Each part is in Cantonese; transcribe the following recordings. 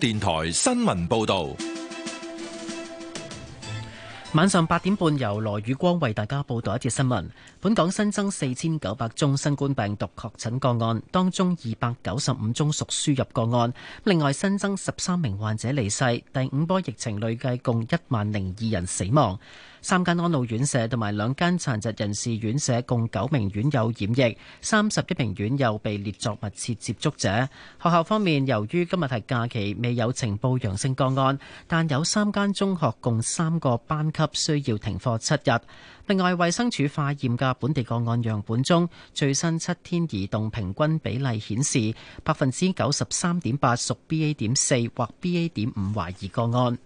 電台新聞報道，晚上八點半由羅宇光為大家報道一則新聞。本港新增四千九百宗新冠病毒確診個案，當中二百九十五宗屬輸入個案。另外新增十三名患者離世，第五波疫情累計共一萬零二人死亡。三間安老院舍同埋兩間殘疾人士院舍共九名院友染疫，三十一名院友被列作密切接觸者。學校方面，由於今日係假期，未有呈報陽性個案，但有三間中學共三個班級需要停課七日。另外，衛生署化驗嘅本地個案樣本中，最新七天移動平均比例顯示百分之九十三點八屬 BA 點四或 BA 點五懷疑個案。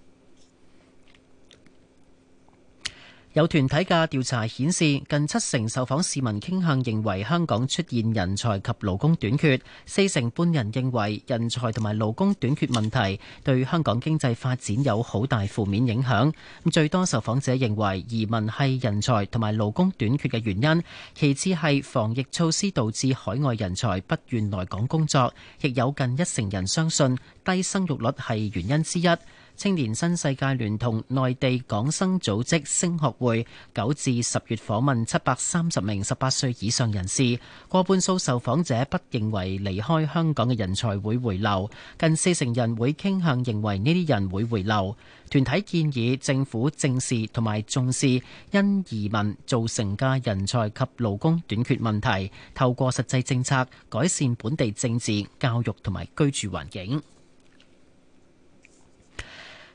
有團體嘅調查顯示，近七成受訪市民傾向認為香港出現人才及勞工短缺，四成半人認為人才同埋勞工短缺問題對香港經濟發展有好大負面影響。咁最多受訪者認為移民係人才同埋勞工短缺嘅原因，其次係防疫措施導致海外人才不願來港工作，亦有近一成人相信低生育率係原因之一。青年新世界聯同內地港生組織升學會九至十月訪問七百三十名十八歲以上人士，過半數受訪者不認為離開香港嘅人才會回流，近四成人會傾向認為呢啲人會回流。團體建議政府正視同埋重視因移民造成嘅人才及勞工短缺問題，透過實際政策改善本地政治、教育同埋居住環境。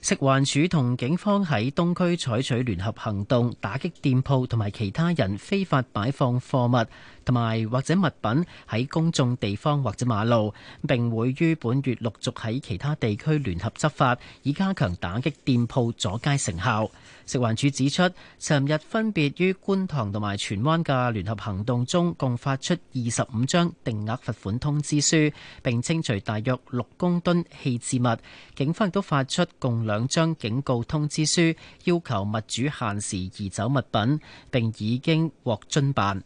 食環署同警方喺東區採取聯合行動，打擊店鋪同埋其他人非法擺放貨物同埋或者物品喺公眾地方或者馬路。並會於本月陸續喺其他地區聯合執法，以加強打擊店鋪阻街成效。食環署指出，尋日分別於觀塘同埋荃灣嘅聯合行動中，共發出二十五張定額罰款通知書，並清除大約六公噸棄置物。警方亦都發出共兩張警告通知書，要求物主限時移走物品，並已經獲遵辦。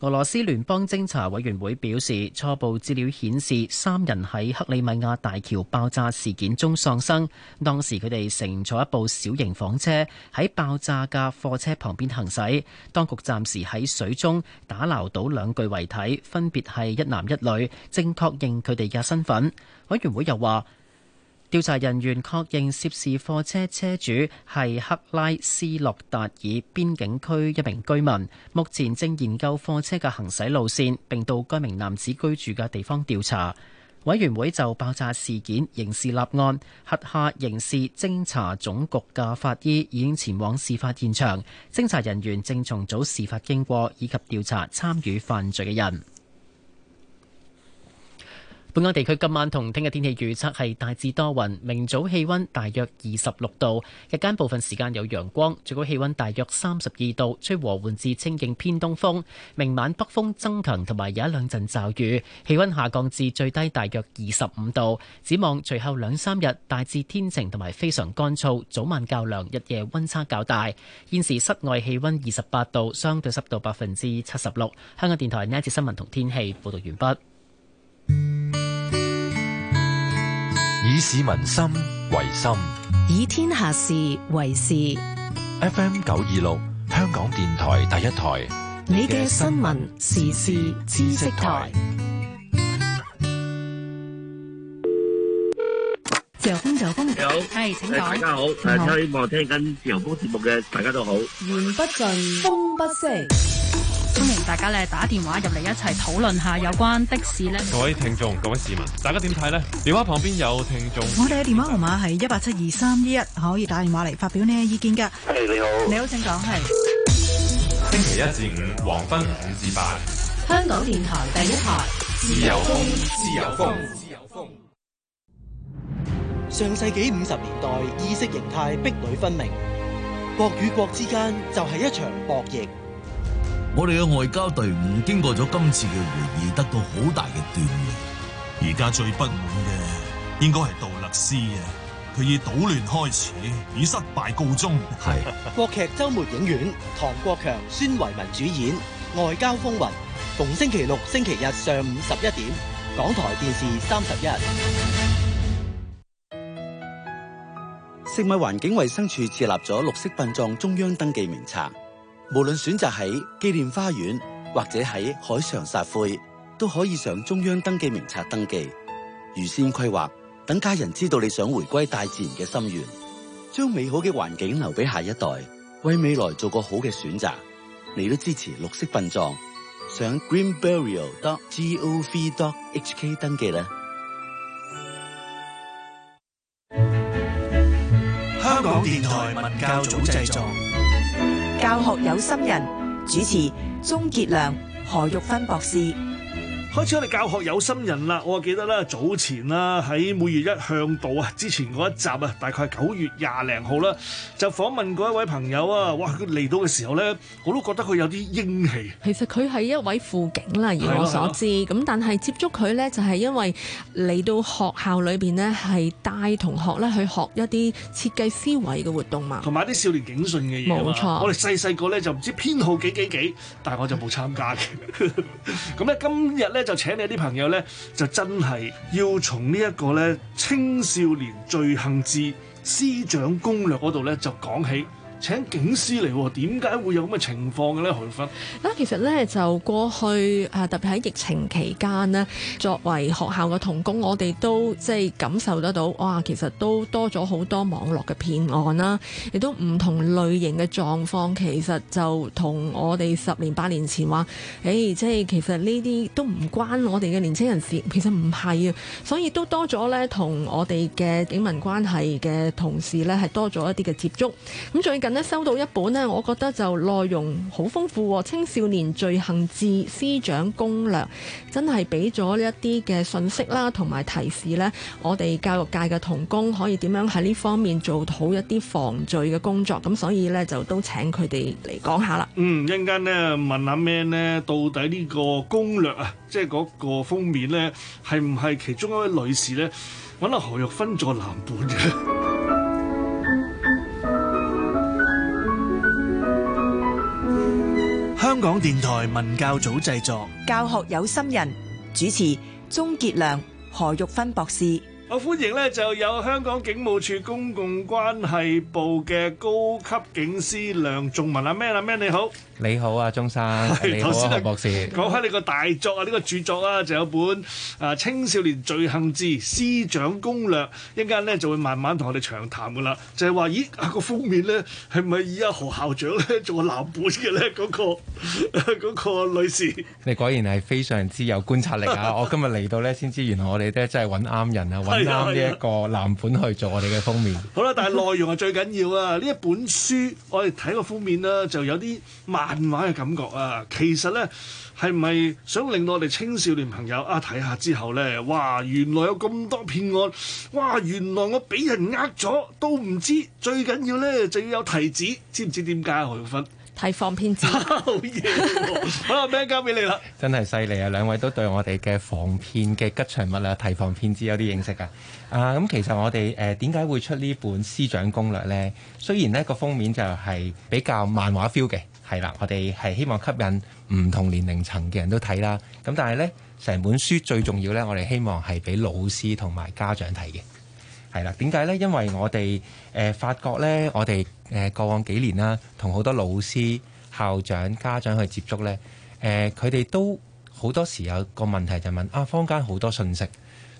俄羅斯聯邦偵查委員會表示，初步資料顯示，三人喺克里米亞大橋爆炸事件中喪生。當時佢哋乘坐一部小型房車喺爆炸架貨車旁邊行駛。當局暫時喺水中打撈到兩具遺體，分別係一男一女，正確認佢哋嘅身份。委員會又話。調查人員確認涉事貨車車主係克拉斯諾達爾邊境區一名居民，目前正研究貨車嘅行駛路線，並到該名男子居住嘅地方調查。委員會就爆炸事件刑事立案，轄下刑事偵查總局嘅法醫已經前往事發現場，偵查人員正重組事發經過，以及調查參與犯罪嘅人。本港地區今晚同聽日天氣預測係大致多雲，明早氣温大約二十六度，日間部分時間有陽光，最高氣温大約三十二度，吹和緩至清勁偏東風。明晚北風增強，同埋有一兩陣驟雨，氣温下降至最低大約二十五度。展望隨後兩三日大致天晴同埋非常乾燥，早晚較涼，日夜温差較大。現時室外氣温二十八度，相對濕度百分之七十六。香港電台呢一節新聞同天氣報道完畢。以市民心為心，以天下事為事。FM 九二六，香港電台第一台，你嘅新聞時事知識台。自由風，自由風，你好，係大家好，係希望聽緊自由風節目嘅大家都好。言不盡，風不息。歡迎大家咧打電話入嚟一齊討論下有關的士咧。各位聽眾、各位市民，大家點睇呢？電話旁邊有聽眾。我哋嘅電話號碼係一八七二三一一，可以打電話嚟發表呢個意見噶。喂，你好。你好，你好，請講。係星期一至五黃昏五至八。香港電台第一台。自由風，自由風，自由風。上世紀五十年代，意識形態壁壘分明，國與國之間就係一場博弈。我哋嘅外交隊伍經過咗今次嘅會議，得到好大嘅鍛煉。而家最不滿嘅應該係杜勒斯啊！佢以搗亂開始，以失敗告終。係是 國劇周末影院，唐國強、孫維民主演《外交風雲》，逢星期六、星期日上午十一點，港台電視三十一。食物環境衛生署設立咗綠色殯葬中央登記名冊。無論選擇喺紀念花園或者喺海上撒灰，都可以上中央登記名冊登記，預先規劃，等家人知道你想回歸大自然嘅心願，將美好嘅環境留俾下一代，為未來做個好嘅選擇。你都支持綠色殯葬，上 greenburial.gov.hk 登記啦。香港電台文教組製作。教學有心人主持：鍾傑良、何玉芬博士。開始我哋教學有心人啦，我記得啦，早前啦喺每月一向道啊，之前嗰一集啊，大概九月廿零號啦，就訪問過一位朋友啊，哇！佢嚟到嘅時候咧，我都覺得佢有啲英氣。其實佢係一位輔警啦，以我所知，咁但係接觸佢咧，就係因為嚟到學校裏邊呢，係帶同學咧去學一啲設計思維嘅活動嘛，同埋啲少年警訊嘅嘢冇錯。我哋細細個咧就唔知編號幾幾幾，但係我就冇參加嘅。咁 咧今日咧。就請你啲朋友咧，就真係要從呢一個咧青少年罪行之師長攻略度咧，就講起。請警司嚟喎，點解會有咁嘅情況嘅咧？韓芬啊，其實咧就過去誒，特別喺疫情期間呢，作為學校嘅同工，我哋都即係感受得到，哇！其實都多咗好多網絡嘅騙案啦，亦都唔同類型嘅狀況。其實就同我哋十年八年前話，誒、欸，即係其實呢啲都唔關我哋嘅年輕人事，其實唔係啊，所以都多咗咧，同我哋嘅警民關係嘅同事咧，係多咗一啲嘅接觸。咁最近咧收到一本咧，我覺得就內容好豐富。青少年罪行治司長攻略真係俾咗呢一啲嘅信息啦，同埋提示呢。我哋教育界嘅同工可以點樣喺呢方面做好一啲防罪嘅工作。咁所以呢，就都請佢哋嚟講下啦。嗯，一陣間咧問下咩呢？到底呢個攻略啊，即係嗰個封面呢，係唔係其中一位女士呢？揾阿何玉芬做男伴嘅？香港電台文教組製作，教學有心人主持，鍾傑良、何玉芬博士。我歡迎咧，就有香港警務處公共關係部嘅高級警司梁仲文阿咩啊咩、啊、你好，你好啊，鍾生，是你好啊，剛才 博士。講開你個大作啊，呢、這個著作啊，就有本啊青少年罪行之司長攻略，一陣間咧就會慢慢同我哋長談噶啦，就係、是、話咦啊、那個封面咧係咪以阿何校長咧 做藍本嘅咧？嗰、那個、那個女士，你果然係非常之有觀察力啊！ 我今日嚟到咧，先知原來我哋都真係揾啱人啊！呢一個藍本去做我哋嘅封面。好啦，但係內容係最緊要啊！呢 一本書我哋睇個封面啦，就有啲漫畫嘅感覺啊。其實呢，係咪想令到我哋青少年朋友啊睇下之後呢？哇，原來有咁多騙案，哇，原來我俾人呃咗都唔知。最緊要呢，就要有提子，知唔知點解何玉芬？我要分提防騙子。好嘢！好啦，咩交俾你啦？真係犀利啊！兩位都對我哋嘅防騙嘅吉祥物啊，提防騙子有啲認識啊！啊，咁其實我哋誒點解會出呢本師長攻略呢？雖然呢個封面就係比較漫畫 feel 嘅，係啦，我哋係希望吸引唔同年齡層嘅人都睇啦。咁但係呢，成本書最重要呢，我哋希望係俾老師同埋家長睇嘅。係啦，點解呢？因為我哋誒發覺呢，我哋。誒過往幾年啦，同好多老師、校長、家長去接觸呢。誒、呃，佢哋都好多時有個問題就問：啊，坊間好多信息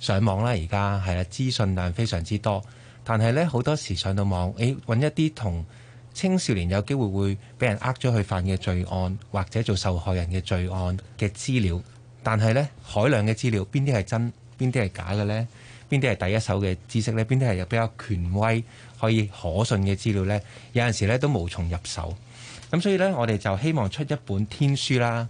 上網啦，而家係啊，資訊量非常之多。但係呢，好多時上到網，誒揾一啲同青少年有機會會俾人呃咗去犯嘅罪案，或者做受害人嘅罪案嘅資料。但係呢，海量嘅資料，邊啲係真，邊啲係假嘅呢？邊啲係第一手嘅知識呢？邊啲係有比較權威可以可信嘅資料呢？有陣時咧都無從入手。咁所以呢，我哋就希望出一本天書啦。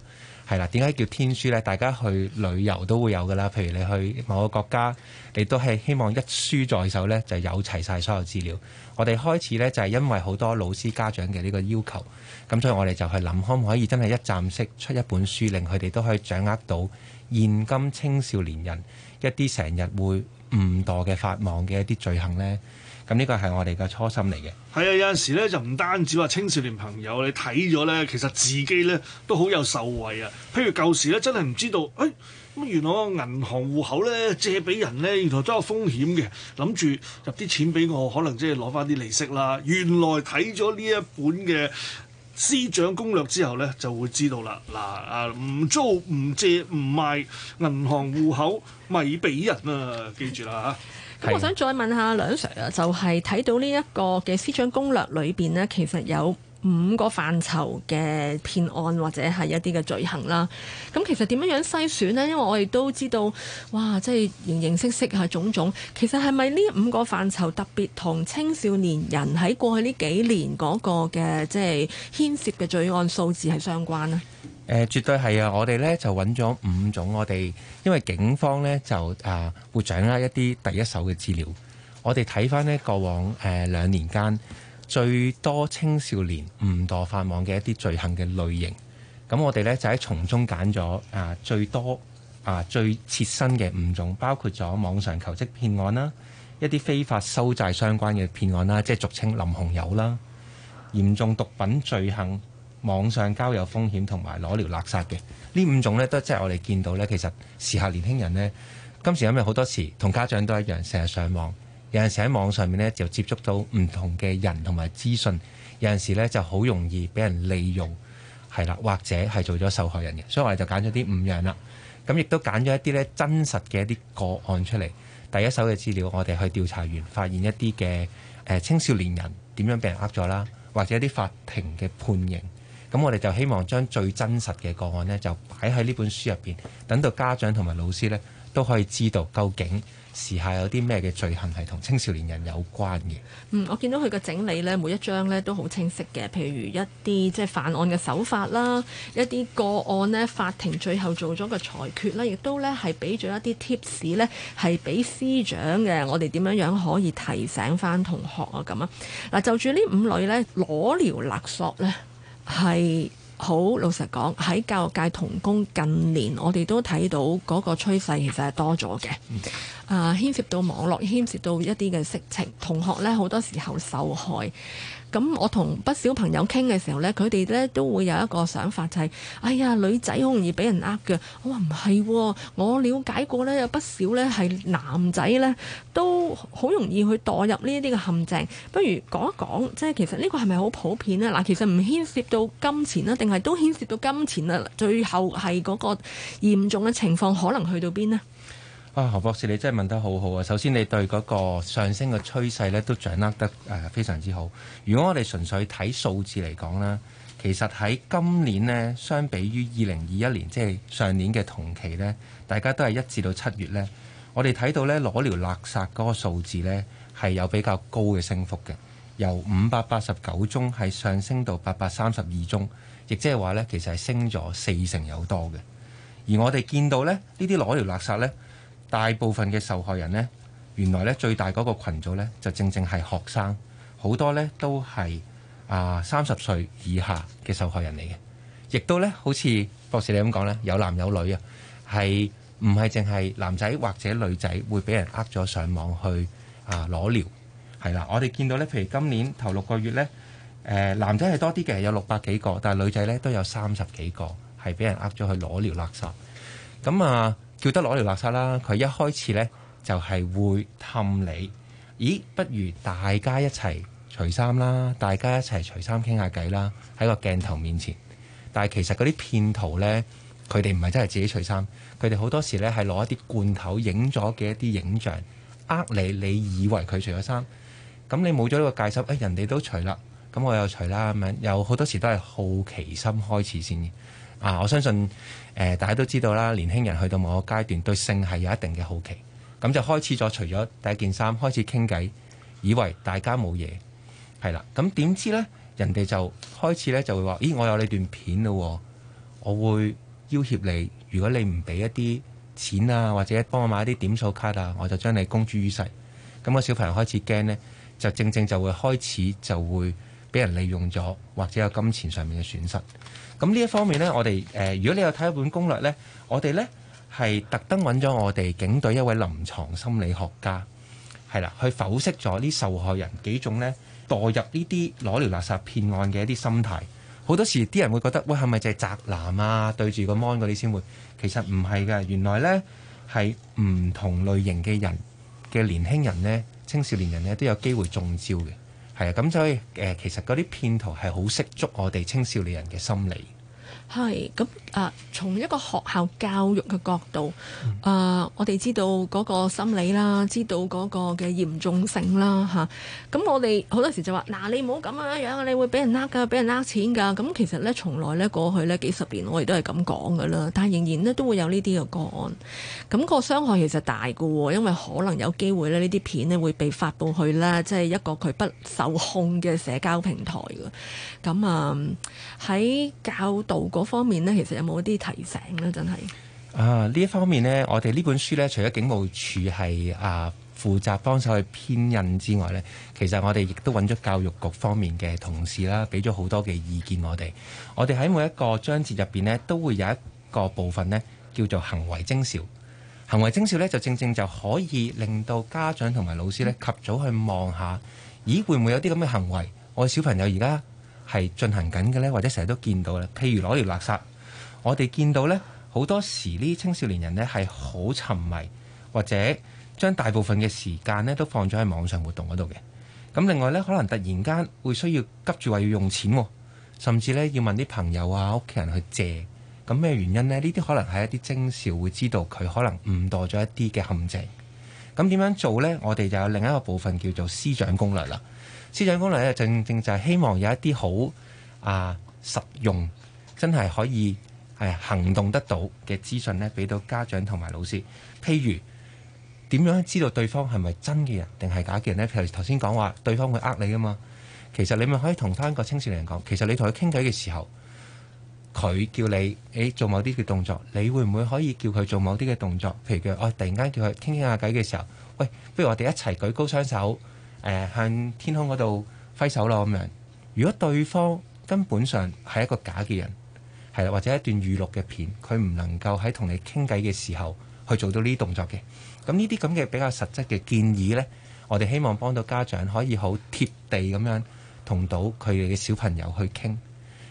係啦，點解叫天書呢？大家去旅遊都會有噶啦。譬如你去某個國家，你都係希望一書在手呢，就有齊晒所有資料。我哋開始呢，就係因為好多老師家長嘅呢個要求，咁所以我哋就係諗可唔可以真係一站式出一本書，令佢哋都可以掌握到現今青少年人一啲成日會誤墮嘅法網嘅一啲罪行咧，咁呢個係我哋嘅初心嚟嘅。係啊，有陣時咧就唔單止話青少年朋友你睇咗咧，其實自己咧都好有受惠啊。譬如舊時咧真係唔知道，誒、哎、咁原來銀行戶口咧借俾人咧，原來都有風險嘅。諗住入啲錢俾我，可能即係攞翻啲利息啦。原來睇咗呢一本嘅。司長攻略之後呢，就會知道啦。嗱，啊，唔租、唔借、唔賣，銀行戶口咪俾人啊！記住啦吓。咁我想再問下梁 Sir 啊，就係睇到呢一個嘅司長攻略裏面呢，其實有。五個範疇嘅騙案或者係一啲嘅罪行啦，咁其實點樣樣篩選呢？因為我哋都知道，哇，即係形形色色啊，種種。其實係咪呢五個範疇特別同青少年人喺過去呢幾年嗰個嘅即係牽涉嘅罪案數字係相關呢？誒、呃，絕對係啊！我哋呢就揾咗五種，我哋因為警方呢就啊會、呃、掌握一啲第一手嘅資料，我哋睇翻呢過往誒、呃、兩年間，最多青少年誤墮法網嘅一啲罪行嘅類型，咁我哋呢，就喺從中揀咗啊最多啊最切身嘅五種，包括咗網上求職騙案啦、啊，一啲非法收債相關嘅騙案啦、啊，即係俗稱淋紅油啦、啊，嚴重毒品罪行、網上交友風險同埋裸聊勒索嘅呢五種呢，都即係我哋見到呢。其實時下年輕人呢，今時今日好多時同家長都一樣，成日上網。有陣時喺網上面咧就接觸到唔同嘅人同埋資訊，有陣時咧就好容易俾人利用，係啦，或者係做咗受害人嘅。所以我哋就揀咗啲五樣啦，咁亦都揀咗一啲咧真實嘅一啲個案出嚟，第一手嘅資料，我哋去調查完，發現一啲嘅誒青少年人點樣俾人呃咗啦，或者一啲法庭嘅判刑，咁我哋就希望將最真實嘅個案咧就擺喺呢本書入邊，等到家長同埋老師咧，都可以知道究竟時下有啲咩嘅罪行係同青少年人有關嘅。嗯，我見到佢嘅整理呢，每一章呢都好清晰嘅。譬如一啲即係犯案嘅手法啦，一啲個案呢法庭最後做咗個裁決啦，亦都是呢係俾咗一啲 tips 呢係俾師長嘅。我哋點樣樣可以提醒翻同學啊？咁啊，嗱，就住呢五類呢，裸聊勒索呢，係。好，老實講，喺教育界同工近年，我哋都睇到嗰個趨勢其實係多咗嘅。嗯啊，牽涉到網絡，牽涉到一啲嘅色情同學咧，好多時候受害。咁我同不少朋友傾嘅時候咧，佢哋咧都會有一個想法，就係：哎呀，女仔好容易俾人呃嘅。我話唔係，我了解過咧，有不少咧係男仔咧都好容易去墮入呢一啲嘅陷阱。不如講一講，即係其實呢個係咪好普遍呢？嗱，其實唔牽涉到金錢呀，定係都牽涉到金錢啊？最後係嗰個嚴重嘅情況，可能去到邊呢？啊，何博士，你真係問得好好啊！首先，你對嗰個上升嘅趨勢咧，都掌握得誒非常之好。如果我哋純粹睇數字嚟講啦，其實喺今年呢，相比於二零二一年，即係上年嘅同期呢，大家都係一至到七月呢。我哋睇到呢，裸聊勒索嗰個數字呢，係有比較高嘅升幅嘅，由五百八十九宗係上升到八百三十二宗，亦即係話呢，其實係升咗四成有多嘅。而我哋見到呢，呢啲裸聊勒索呢。大部分嘅受害人呢，原來呢最大嗰個群組呢，就正正係學生，好多呢都係啊三十歲以下嘅受害人嚟嘅，亦都呢，好似博士你咁講呢有男有女啊，係唔係淨係男仔或者女仔會俾人呃咗上網去啊裸聊？係啦，我哋見到呢，譬如今年頭六個月呢，誒男仔係多啲嘅，有六百幾個，但係女仔呢都有三十幾個係俾人呃咗去裸聊垃圾，咁啊。叫得攞嚟垃圾啦！佢一開始呢，就係、是、會氹你。咦？不如大家一齊除衫啦，大家一齊除衫傾下偈啦，喺個鏡頭面前。但係其實嗰啲騙徒呢，佢哋唔係真係自己除衫，佢哋好多時呢係攞一啲罐頭影咗嘅一啲影像，呃你，你以為佢除咗衫，咁你冇咗呢個戒心，哎、人哋都除啦，咁我又除啦咁樣，有好多時都係好奇心開始先。啊！我相信誒、呃，大家都知道啦。年輕人去到某個階段，對性係有一定嘅好奇，咁就開始咗。除咗第一件衫，開始傾偈，以為大家冇嘢，係啦。咁點知呢？人哋就開始呢就會話：咦，我有你段片咯、喔，我會要挾你。如果你唔俾一啲錢啊，或者幫我買一啲點數卡啊，我就將你公諸於世。咁、那個小朋友開始驚呢，就正正就會開始就會。俾人利用咗，或者有金錢上面嘅損失。咁呢一方面呢，我哋誒、呃，如果你有睇一本攻略呢，我哋呢，係特登揾咗我哋警隊一位臨床心理學家，係啦，去剖析咗啲受害人幾種呢，墮入呢啲裸聊垃圾騙案嘅一啲心態。好多時啲人會覺得，喂，係咪就係宅男啊？對住個 mon 嗰啲先會，其實唔係嘅。原來呢，係唔同類型嘅人嘅年輕人呢，青少年人呢，都有機會中招嘅。係啊，咁所以誒，其實嗰啲騙徒係好識捉我哋青少年人嘅心理。係咁啊！從一個學校教育嘅角度啊、嗯，我哋知道嗰個心理啦，知道嗰個嘅嚴重性啦吓，咁、嗯、我哋好多時就話：嗱，你唔好咁樣樣啊！你，你會俾人呃噶，俾人呃錢噶。咁、嗯、其實咧，從來咧過去咧幾十年，我哋都係咁講噶啦。但係仍然咧都會有呢啲嘅個案。咁、嗯、個傷害其實大噶喎，因為可能有機會咧呢啲片咧會被發布去咧，即係一個佢不受控嘅社交平台噶。咁啊喺教導。嗰方面呢，其實有冇啲提醒呢？真係啊！呢一方面呢，我哋呢本書呢，除咗警務處係啊負責幫手去編印之外呢，其實我哋亦都揾咗教育局方面嘅同事啦，俾咗好多嘅意見我哋。我哋喺每一個章節入邊呢，都會有一個部分呢，叫做行為徵兆。行為徵兆呢，就正正就可以令到家長同埋老師呢，及早去望下，咦，會唔會有啲咁嘅行為？我小朋友而家。係進行緊嘅呢，或者成日都見到咧。譬如攞條垃圾，我哋見到呢，好多時呢青少年人呢係好沉迷，或者將大部分嘅時間呢都放咗喺網上活動嗰度嘅。咁另外呢，可能突然間會需要急住話要用錢喎，甚至呢要問啲朋友啊、屋企人去借。咁咩原因呢？呢啲可能係一啲徵兆，會知道佢可能誤墮咗一啲嘅陷阱。咁點樣做呢？我哋就有另一個部分叫做師長攻略啦。思想功能咧，正正就係希望有一啲好啊實用，真係可以係行動得到嘅資訊咧，俾到家長同埋老師。譬如點樣知道對方係咪真嘅人，定係假嘅人呢？譬如頭先講話對方會呃你啊嘛，其實你咪可以同翻個青少年人講，其實你同佢傾偈嘅時候，佢叫你誒、欸，做某啲嘅動作，你會唔會可以叫佢做某啲嘅動作？譬如佢，我突然間叫佢傾傾下偈嘅時候，喂，不如我哋一齊舉高雙手。誒，向天空嗰度揮手咯，咁樣，如果對方根本上係一個假嘅人，係啦，或者一段預錄嘅片，佢唔能夠喺同你傾偈嘅時候去做到呢啲動作嘅。咁呢啲咁嘅比較實質嘅建議呢，我哋希望幫到家長可以好貼地咁樣同到佢哋嘅小朋友去傾。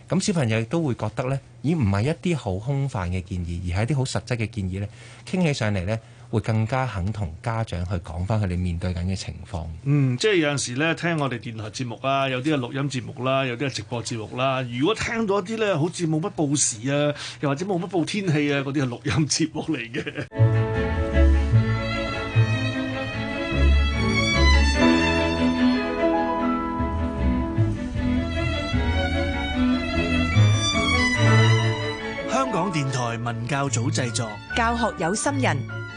咁小朋友亦都會覺得咧，已經唔係一啲好空泛嘅建議，而係一啲好實質嘅建議呢，傾起上嚟呢。會更加肯同家長去講翻佢哋面對緊嘅情況。嗯，即係有陣時咧，聽我哋電台節目啦、啊，有啲係錄音節目啦、啊，有啲係直播節目啦、啊。如果聽到一啲咧，好似冇乜報時啊，又或者冇乜報天氣啊，嗰啲係錄音節目嚟嘅。香港電台文教組製作，教學有心人。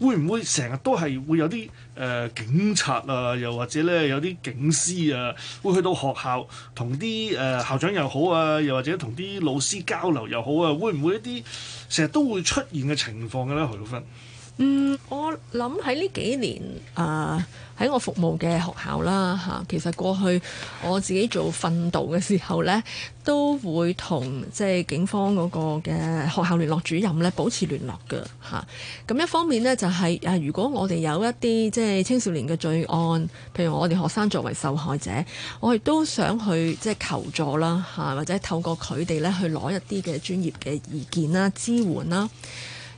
會唔會成日都係會有啲、呃、警察啊，又或者咧有啲警司啊，會去到學校同啲、呃、校長又好啊，又或者同啲老師交流又好啊，會唔會一啲成日都會出現嘅情況嘅咧，何玉芬？嗯，我諗喺呢幾年啊，喺、呃、我服務嘅學校啦吓，其實過去我自己做訓導嘅時候呢，都會同即係警方嗰個嘅學校聯絡主任呢，保持聯絡噶吓。咁、啊、一方面呢、就是，就係啊，如果我哋有一啲即係青少年嘅罪案，譬如我哋學生作為受害者，我亦都想去即係求助啦吓、啊，或者透過佢哋呢去攞一啲嘅專業嘅意見啦、支援啦。啊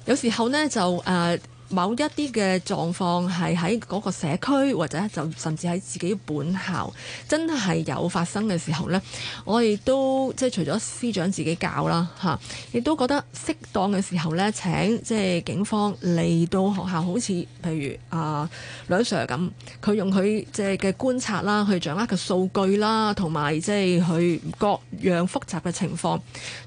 有時候呢，就誒、呃、某一啲嘅狀況係喺嗰個社區或者就甚至喺自己本校真係有發生嘅時候呢，我亦都即係除咗師長自己教啦嚇，亦、啊、都覺得適當嘅時候呢，請即係警方嚟到學校，好似譬如啊梁、呃、Sir 咁，佢用佢即係嘅觀察啦，去掌握嘅數據啦，同埋即係去覺樣複雜嘅情況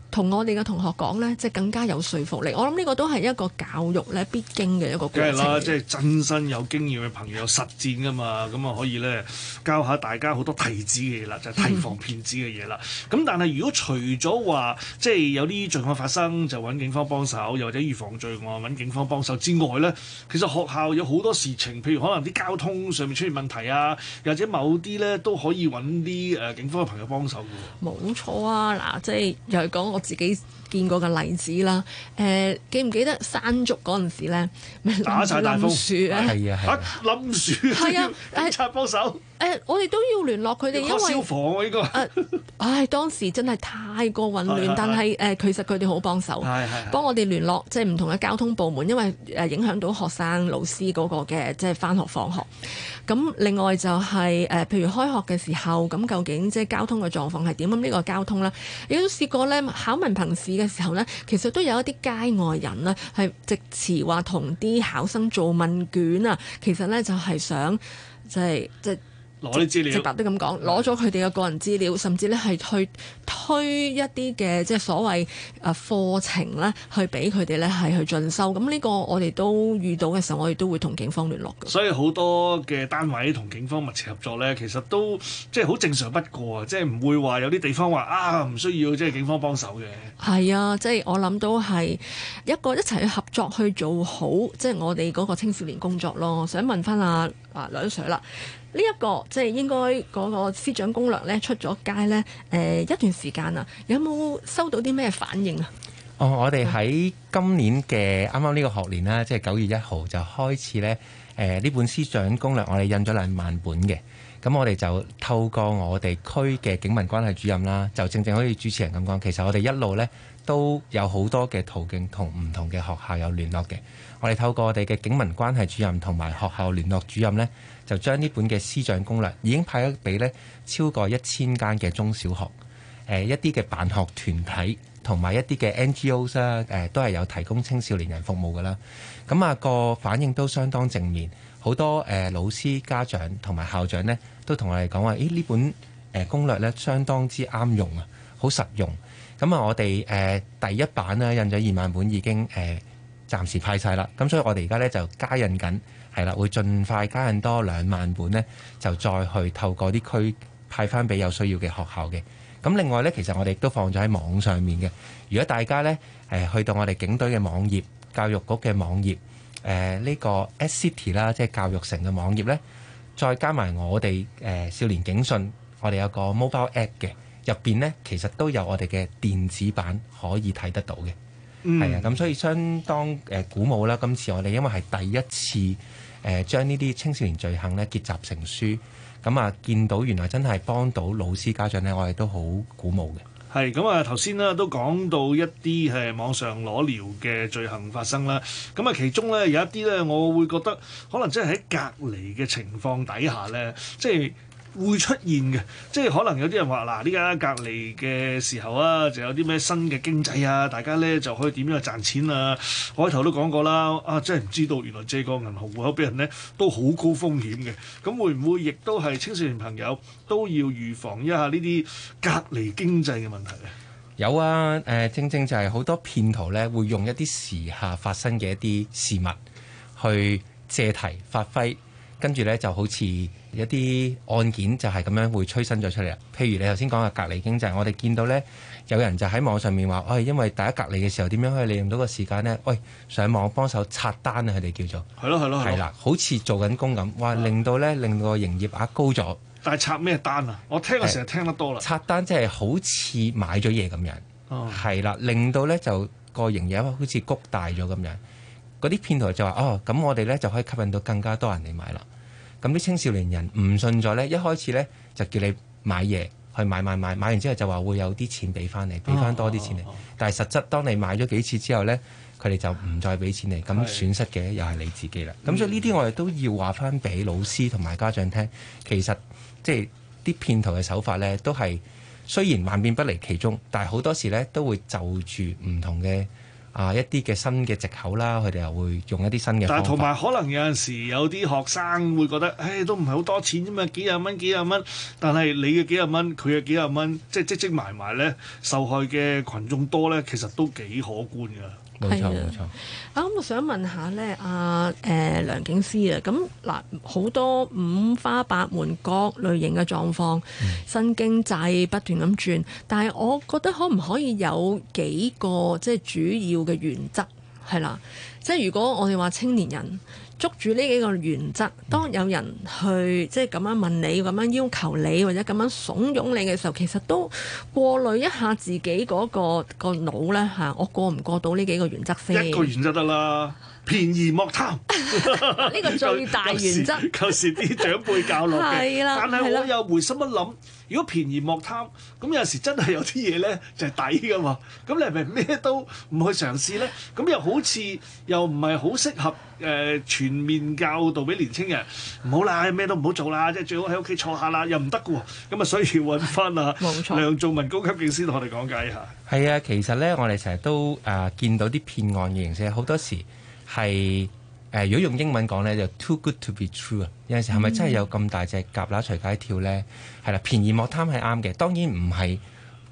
同我哋嘅同學講呢，即係更加有說服力。我諗呢個都係一個教育呢必經嘅一個過程。梗係啦，即係真身有經驗嘅朋友實踐㗎嘛，咁啊可以呢教下大家好多提子嘅嘢啦，就提防騙子嘅嘢啦。咁、嗯、但係如果除咗話即係有啲罪案發生，就揾警方幫手，又或者預防罪案揾警方幫手之外呢，其實學校有好多事情，譬如可能啲交通上面出現問題啊，又或者某啲呢都可以揾啲誒警方嘅朋友幫手嘅。冇錯。好啊，嗱，即係又係講我自己。見過嘅例子啦，誒、啊、記唔記得山竹嗰時咧，打曬冧樹啊！係啊係啊！冧樹啊！係樹啊！誒、啊，幫手、啊！誒、啊，我哋都要聯絡佢哋，要一啊、因為消防喎呢個。唉、啊哎，當時真係太過混亂， 但係、啊、其實佢哋好幫手， 幫我哋聯絡即係唔同嘅交通部門，因為影響到學生老師嗰個嘅即係翻學放學。咁另外就係、是啊、譬如開學嘅時候，咁究竟即係交通嘅狀況係點？咁呢個交通啦，亦都試過咧，考文憑試嘅時候呢，其實都有一啲街外人呢，係藉詞話同啲考生做問卷啊，其實呢，就係、係、想就係即。攞啲資料，直白都咁講，攞咗佢哋嘅個人資料，甚至咧係去推一啲嘅即係所謂課程咧，去俾佢哋咧係去進修。咁呢個我哋都遇到嘅時候，我哋都會同警方聯絡嘅。所以好多嘅單位同警方密切合作咧，其實都即係好正常不過啊，即係唔會話有啲地方話啊唔需要即係警方幫手嘅。係啊，即係我諗都係一個一齊去合作去做好，即係我哋嗰個青少年工作咯。想問翻阿阿梁 Sir 啦。呢一、這個即係、就是、應該嗰個司長攻略咧出咗街咧，誒、呃、一段時間啊，有冇收到啲咩反應啊？哦，我哋喺今年嘅啱啱呢個學年啦，即係九月一號就開始咧，誒、呃、呢本司長攻略我哋印咗兩萬本嘅。咁我哋就透過我哋區嘅警民關係主任啦，就正正好似主持人咁講，其實我哋一路呢都有好多嘅途徑同唔同嘅學校有聯絡嘅。我哋透過我哋嘅警民關係主任同埋學校聯絡主任呢，就將呢本嘅師長攻略已經派咗俾呢超過一千間嘅中小學，一啲嘅辦學團體同埋一啲嘅 NGOs 啦，都係有提供青少年人服務噶啦。咁、那、啊個反應都相當正面。好多誒、呃、老師、家長同埋校長呢，都同我哋講話，誒呢本誒、呃、攻略呢，相當之啱用啊，好實用。咁啊，我哋誒第一版咧印咗二萬本，已經誒、呃、暫時派晒啦。咁所以我哋而家呢，就加印緊，係啦，會盡快加印多兩萬本呢，就再去透過啲區派翻俾有需要嘅學校嘅。咁另外呢，其實我哋都放咗喺網上面嘅。如果大家呢，誒、呃、去到我哋警隊嘅網頁、教育局嘅網頁。誒呢、呃呢個 edcity 啦，即係教育城嘅網頁咧，再加埋我哋、呃、少年警訊，我哋有個 mobile app 嘅入面咧，其實都有我哋嘅電子版可以睇得到嘅，係啊、mm.，咁所以相當誒鼓舞啦。今次我哋因為係第一次、呃、將呢啲青少年罪行咧結集成書，咁啊見到原來真係幫到老師家長咧，我哋都好鼓舞嘅。係咁啊，頭先啦都講到一啲係網上裸聊嘅罪行發生啦，咁啊其中咧有一啲咧，我會覺得可能即係喺隔離嘅情況底下咧，即係。會出現嘅，即係可能有啲人話嗱，呢家隔離嘅時候啊，就有啲咩新嘅經濟啊，大家呢就可以點樣賺錢啊。我開頭都講過啦，啊，真係唔知道，原來借個銀行戶口俾人呢都好高風險嘅。咁會唔會亦都係青少年朋友都要預防一下呢啲隔離經濟嘅問題咧？有啊，誒、呃，正正就係好多騙徒呢會用一啲時下發生嘅一啲事物去借題發揮，跟住呢就好似。一啲案件就係咁樣會催生咗出嚟啦。譬如你頭先講嘅隔離經濟，我哋見到呢，有人就喺網上面話：喂、哎，因為第一隔離嘅時候點樣可以利用到個時間呢？喂、哎，上網幫手刷單啊！佢哋叫做係咯係咯係啦，好似做緊工咁，哇、啊！令到呢，令到個營業額高咗、啊。但係刷咩單啊？我聽啊成日聽得多啦。刷單即係好似買咗嘢咁樣，係啦、啊，令到呢就個營業好似谷大咗咁樣。嗰啲騙徒就話：哦，咁我哋呢就可以吸引到更加多人嚟買啦。咁啲青少年人唔信咗呢，一開始呢就叫你買嘢，去買買買，買完之後就話會有啲錢俾翻你，俾翻多啲錢你。啊啊啊、但係實質當你買咗幾次之後呢，佢哋就唔再俾錢你，咁損失嘅又係你自己啦。咁是所以呢啲我哋都要話翻俾老師同埋家長聽，嗯、其實即係啲騙徒嘅手法呢，都係雖然萬變不離其宗，但係好多時呢都會就住唔同嘅。啊！一啲嘅新嘅藉口啦，佢哋又會用一啲新嘅方法。但係同埋可能有陣時有啲學生會覺得，唉，都唔係好多錢啫嘛，幾廿蚊幾廿蚊。但係你嘅幾廿蚊，佢嘅幾廿蚊，即係積積埋埋咧，受害嘅群眾多咧，其實都幾可觀㗎。冇錯冇錯，咁我想問下咧，阿、啊、誒、呃、梁警司啊，咁嗱好多五花八門各類型嘅狀況，嗯、新經濟不斷咁轉，但係我覺得可唔可以有幾個即係主要嘅原則係啦？即係如果我哋話青年人。捉住呢幾個原則，當有人去即係咁樣問你、咁樣要求你或者咁樣慫恿你嘅時候，其實都過濾一下自己嗰、嗰個個腦咧嚇，我過唔過到呢幾個原則先？一個原則得啦，便宜莫貪。呢 個最大原則，舊 時啲長輩教落嘅。係啦 的，但係我又回心一諗。的 如果便宜莫貪，咁有時真係有啲嘢咧就係抵㗎嘛。咁你係咪咩都唔去嘗試咧？咁又好似又唔係好適合誒、呃、全面教導俾年青人。唔好啦，咩都唔好做啦，即係最好喺屋企坐下啦，又唔得嘅喎。咁啊，所以要揾翻啊梁仲文高級警司同我哋講解一下。係啊，其實咧我哋成日都誒、呃、見到啲騙案嘅形式，好多時係。如果用英文講呢，就 too good to be true 啊！有陣時係咪真係有咁大隻蛤乸隨街跳呢？係啦，便宜莫貪係啱嘅。當然唔係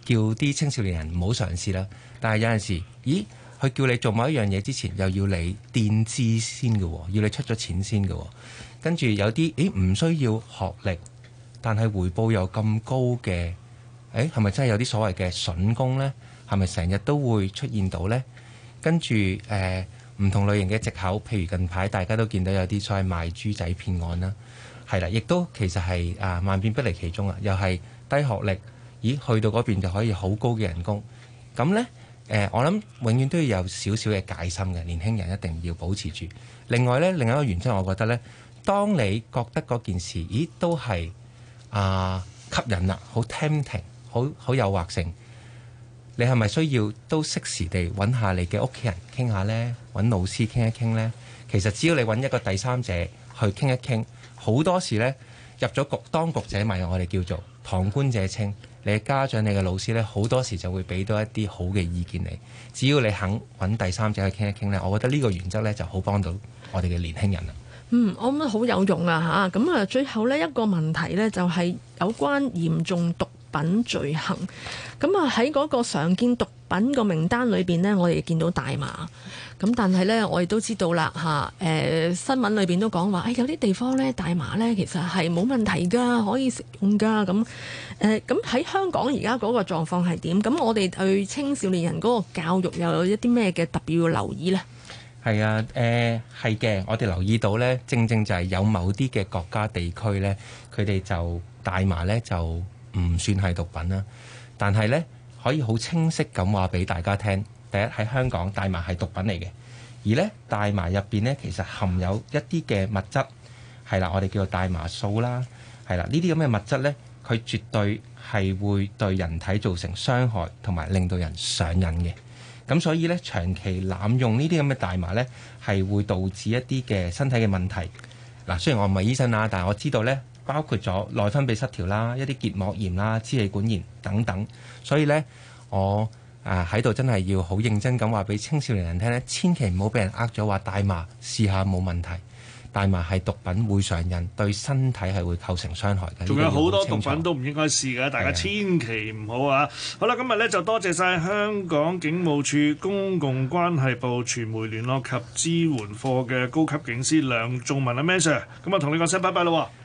叫啲青少年人唔好嘗試啦。但係有陣時，咦？佢叫你做某一樣嘢之前，又要你墊資先嘅，要你出咗錢先嘅。跟住有啲，誒唔需要學歷，但係回報又咁高嘅，誒係咪真係有啲所謂嘅筍工呢？係咪成日都會出現到呢？跟住誒。呃唔同類型嘅藉口，譬如近排大家都見到有啲所謂賣豬仔騙案啦，係啦，亦都其實係啊萬變不離其宗啊，又係低學歷，咦去到嗰邊就可以好高嘅人工，咁呢，誒、呃、我諗永遠都要有少少嘅戒心嘅，年輕人一定要保持住。另外呢，另一個原因，我覺得呢，當你覺得嗰件事咦都係啊吸引啦，好 tempting，好好誘惑性。你係咪需要都適時地揾下你嘅屋企人傾下呢？揾老師傾一傾呢？其實只要你揾一個第三者去傾一傾，好多時呢，入咗局當局者迷，我哋叫做旁觀者清。你家長、你嘅老師呢，好多時就會俾多一啲好嘅意見你。只要你肯揾第三者去傾一傾呢，我覺得呢個原則呢就好幫到我哋嘅年輕人啦。嗯，我覺得好有用啊吓，咁啊，最後呢，一個問題呢，就係有關嚴重毒品罪行咁啊！喺嗰個常見毒品個名單裏邊呢，我哋見到大麻咁，但係呢，我哋都知道啦嚇。誒、啊、新聞裏邊都講話，誒、哎、有啲地方呢，大麻呢其實係冇問題噶，可以食用噶咁。誒咁喺香港而家嗰個狀況係點？咁我哋對青少年人嗰個教育又有一啲咩嘅特別要留意呢？係啊，誒係嘅。我哋留意到呢，正正就係有某啲嘅國家地區呢，佢哋就大麻呢就。唔算係毒品啦，但係呢可以好清晰咁話俾大家聽。第一喺香港大麻係毒品嚟嘅，而呢大麻入邊呢，其實含有一啲嘅物質，係啦，我哋叫做大麻素啦，係啦，呢啲咁嘅物質呢，佢絕對係會對人體造成傷害，同埋令到人上癮嘅。咁所以呢，長期濫用呢啲咁嘅大麻呢，係會導致一啲嘅身體嘅問題。嗱，雖然我唔係醫生啦，但係我知道呢。包括咗內分泌失調啦，一啲結膜炎啦、支氣管炎等等，所以呢，我啊喺度真係要好認真咁話俾青少年人聽呢，千祈唔好俾人呃咗話大麻試下冇問題。大麻係毒品，會上癮，對身體係會構成傷害嘅。仲有好多毒品都唔應該試㗎，大家千祈唔好啊！是的 好啦，今日呢就多謝晒香港警務處公共關係部傳媒聯絡及支援課嘅高級警司梁仲文啊，Man Sir 咁啊，同你講聲拜拜咯。